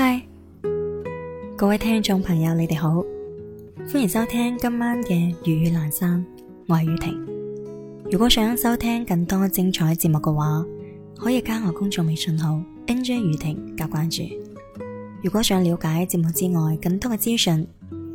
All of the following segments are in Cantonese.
嗨，各位聽眾朋友，你哋好，歡迎收聽今晚嘅粵語闌珊，我係雨婷。如果想收聽更多精彩節目嘅話，可以加我工作微信號 nj 雨婷加關注。如果想了解節目之外更多嘅資訊，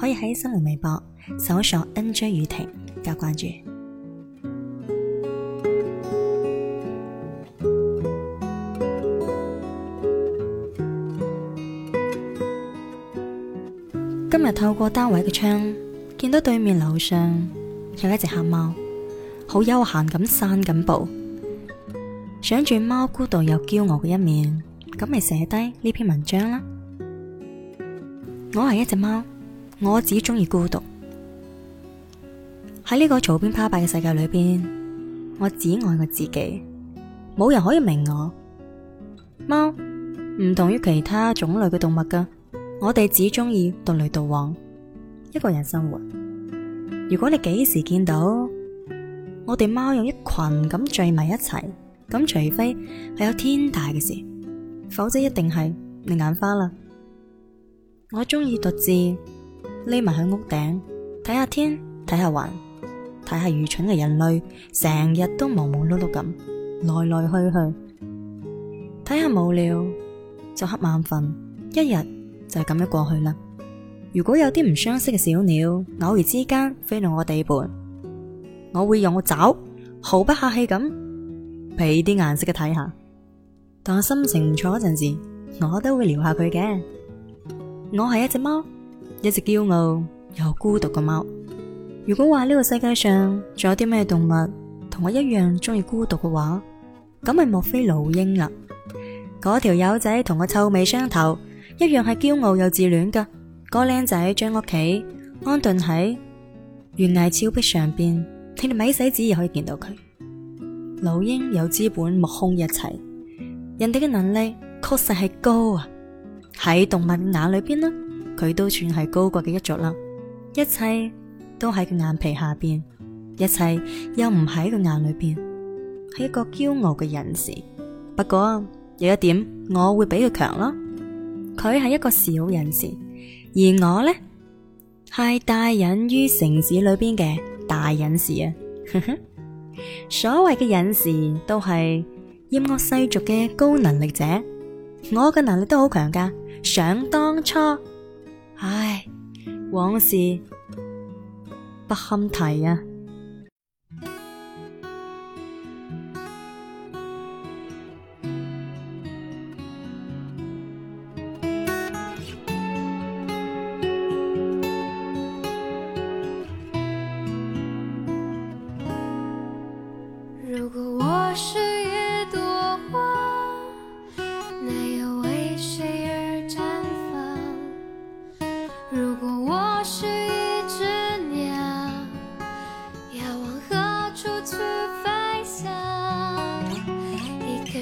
可以喺新浪微博搜索 nj 雨婷加關注。透過單位嘅窗，見到對面樓上有一隻黑貓，好悠閒咁散緊步。想住貓孤獨又驕傲嘅一面，咁咪寫低呢篇文章啦。我係一隻貓，我只中意孤獨。喺呢個嘈喧巴閉嘅世界裏邊，我只愛我自己，冇人可以明我。貓唔同於其他種類嘅動物㗎。我哋只中意獨來獨往，一個人生活。如果你幾時見到我哋貓有一群咁聚埋一齊，咁除非係有天大嘅事，否則一定係你眼花啦。我中意獨自匿埋喺屋頂，睇下天，睇下雲，睇下愚蠢嘅人類成日都忙忙碌碌咁來來去去，睇下無聊就瞌眼瞓，一日，就係咁樣過去啦。如果有啲唔相識嘅小鳥，偶然之間飛到我地盤，我會用個爪毫不客氣咁俾啲顏色嘅睇下。但我心情唔錯嗰陣時，我都會撩下佢嘅。我係一隻貓，一隻驕傲又孤獨嘅貓。如果話呢個世界上仲有啲咩動物同我一樣中意孤獨嘅話，咁咪莫非老鷹啦？嗰條友仔同我臭味相投。一樣係驕傲又自戀噶。那個靚仔將屋企安頓喺懸崖峭壁上邊，你哋咪使指意亦可以見到佢。老鷹有資本目空一切，人哋嘅能力確實係高啊。喺動物嘅眼裏邊啦，佢都算係高貴嘅一族啦。一切都喺佢眼皮下邊，一切又唔喺佢眼裏邊，係一個驕傲嘅隱士。不過有一點我會比佢強咯。佢係一個小隱士，而我呢，係大隱於城市裏邊嘅大隱士啊！ 所謂嘅隱士都係厭惡世俗嘅高能力者，我嘅能力都好強噶，想當初，唉，往事不堪提啊！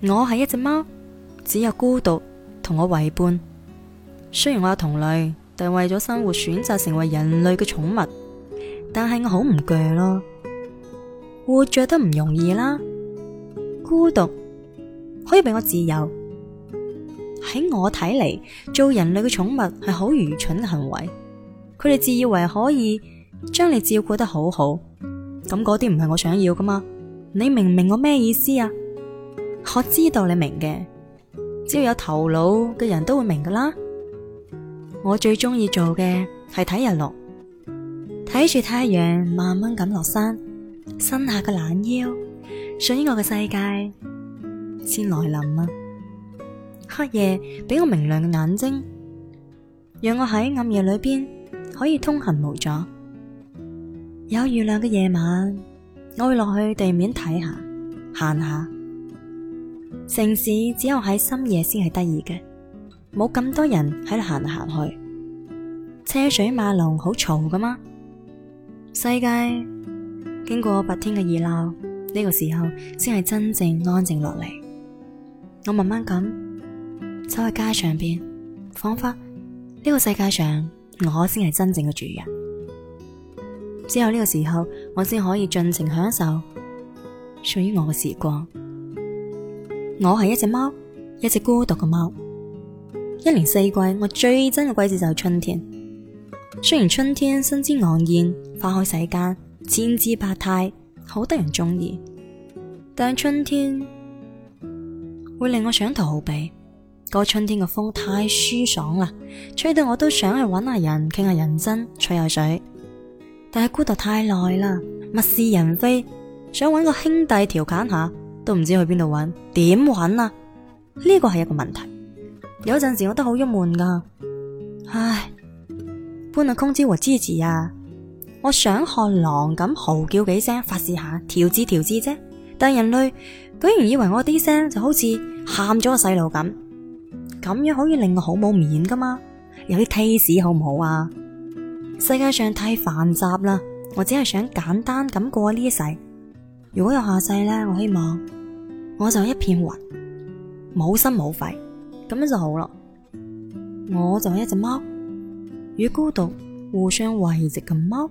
我係一隻貓，只有孤獨同我為伴。雖然我有同類，但係為咗生活選擇成為人類嘅寵物，但係我好唔攰咯。活着都唔容易啦，孤獨可以俾我自由。喺我睇嚟，做人類嘅寵物係好愚蠢嘅行為。佢哋自以為可以將你照顧得好好，咁嗰啲唔係我想要㗎嘛？你明唔明我咩意思啊？我知道你明嘅，只要有頭腦嘅人都會明噶啦。我最中意做嘅係睇日落，睇住太陽慢慢咁落山，伸下個懶腰，屬於我嘅世界先來臨啊。黑夜俾我明亮嘅眼睛，讓我喺暗夜裏邊可以通行無阻。有月亮嘅夜晚，我會落去地面睇下，行下。城市只有喺深夜先係得意嘅，冇咁多人喺度行嚟行去，車水馬龍，好嘈噶嘛？世界經過白天嘅熱鬧，呢個時候先係真正安靜落嚟。我慢慢咁走喺街上邊，仿佛呢個世界上我先係真正嘅主人。只有呢個時候，我先可以盡情享受屬於我嘅時光。我係一隻貓，一隻孤獨嘅貓。一年四季，我最憎嘅季節就係春天。雖然春天生機盎然，花開世間，千姿百態，好得人中意，但春天會令我想逃避。嗰、那個春天嘅風太舒爽啦，吹到我都想去搵下人傾下人生吹下水。但係孤獨太耐啦，物是人非，想搵個兄弟調侃下。都唔知去邊度搵，點搵啊？呢個係一個問題。有陣時我都好鬱悶噶，唉！搬下空招和支持啊！我想學狼咁嚎叫幾聲，發洩下，調節調節啫。但人類居然以為我啲聲就好似喊咗個細路咁，咁樣可以令我好冇面噶嘛？有啲 taste 好唔好啊？世界上太繁雜啦，我只係想簡單咁過呢一世。如果有下世咧，我希望。我就一片雲，冇心冇肺，咁樣就好啦。我就係一隻貓，與孤獨互相慰藉嘅貓。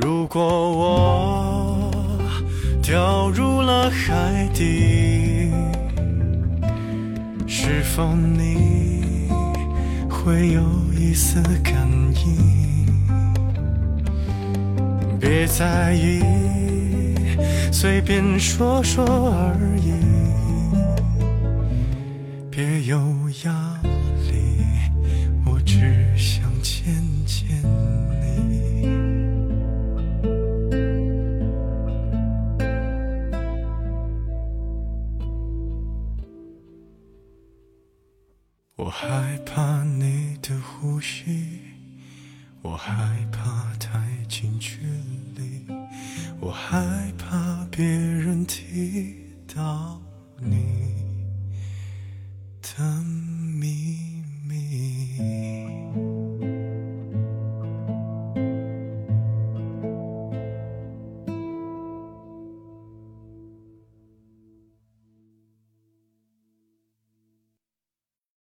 如果我掉入了海底，是否你會有一絲感應？別在意，隨便說說而已，別優雅。太近距離，我害怕別人提到。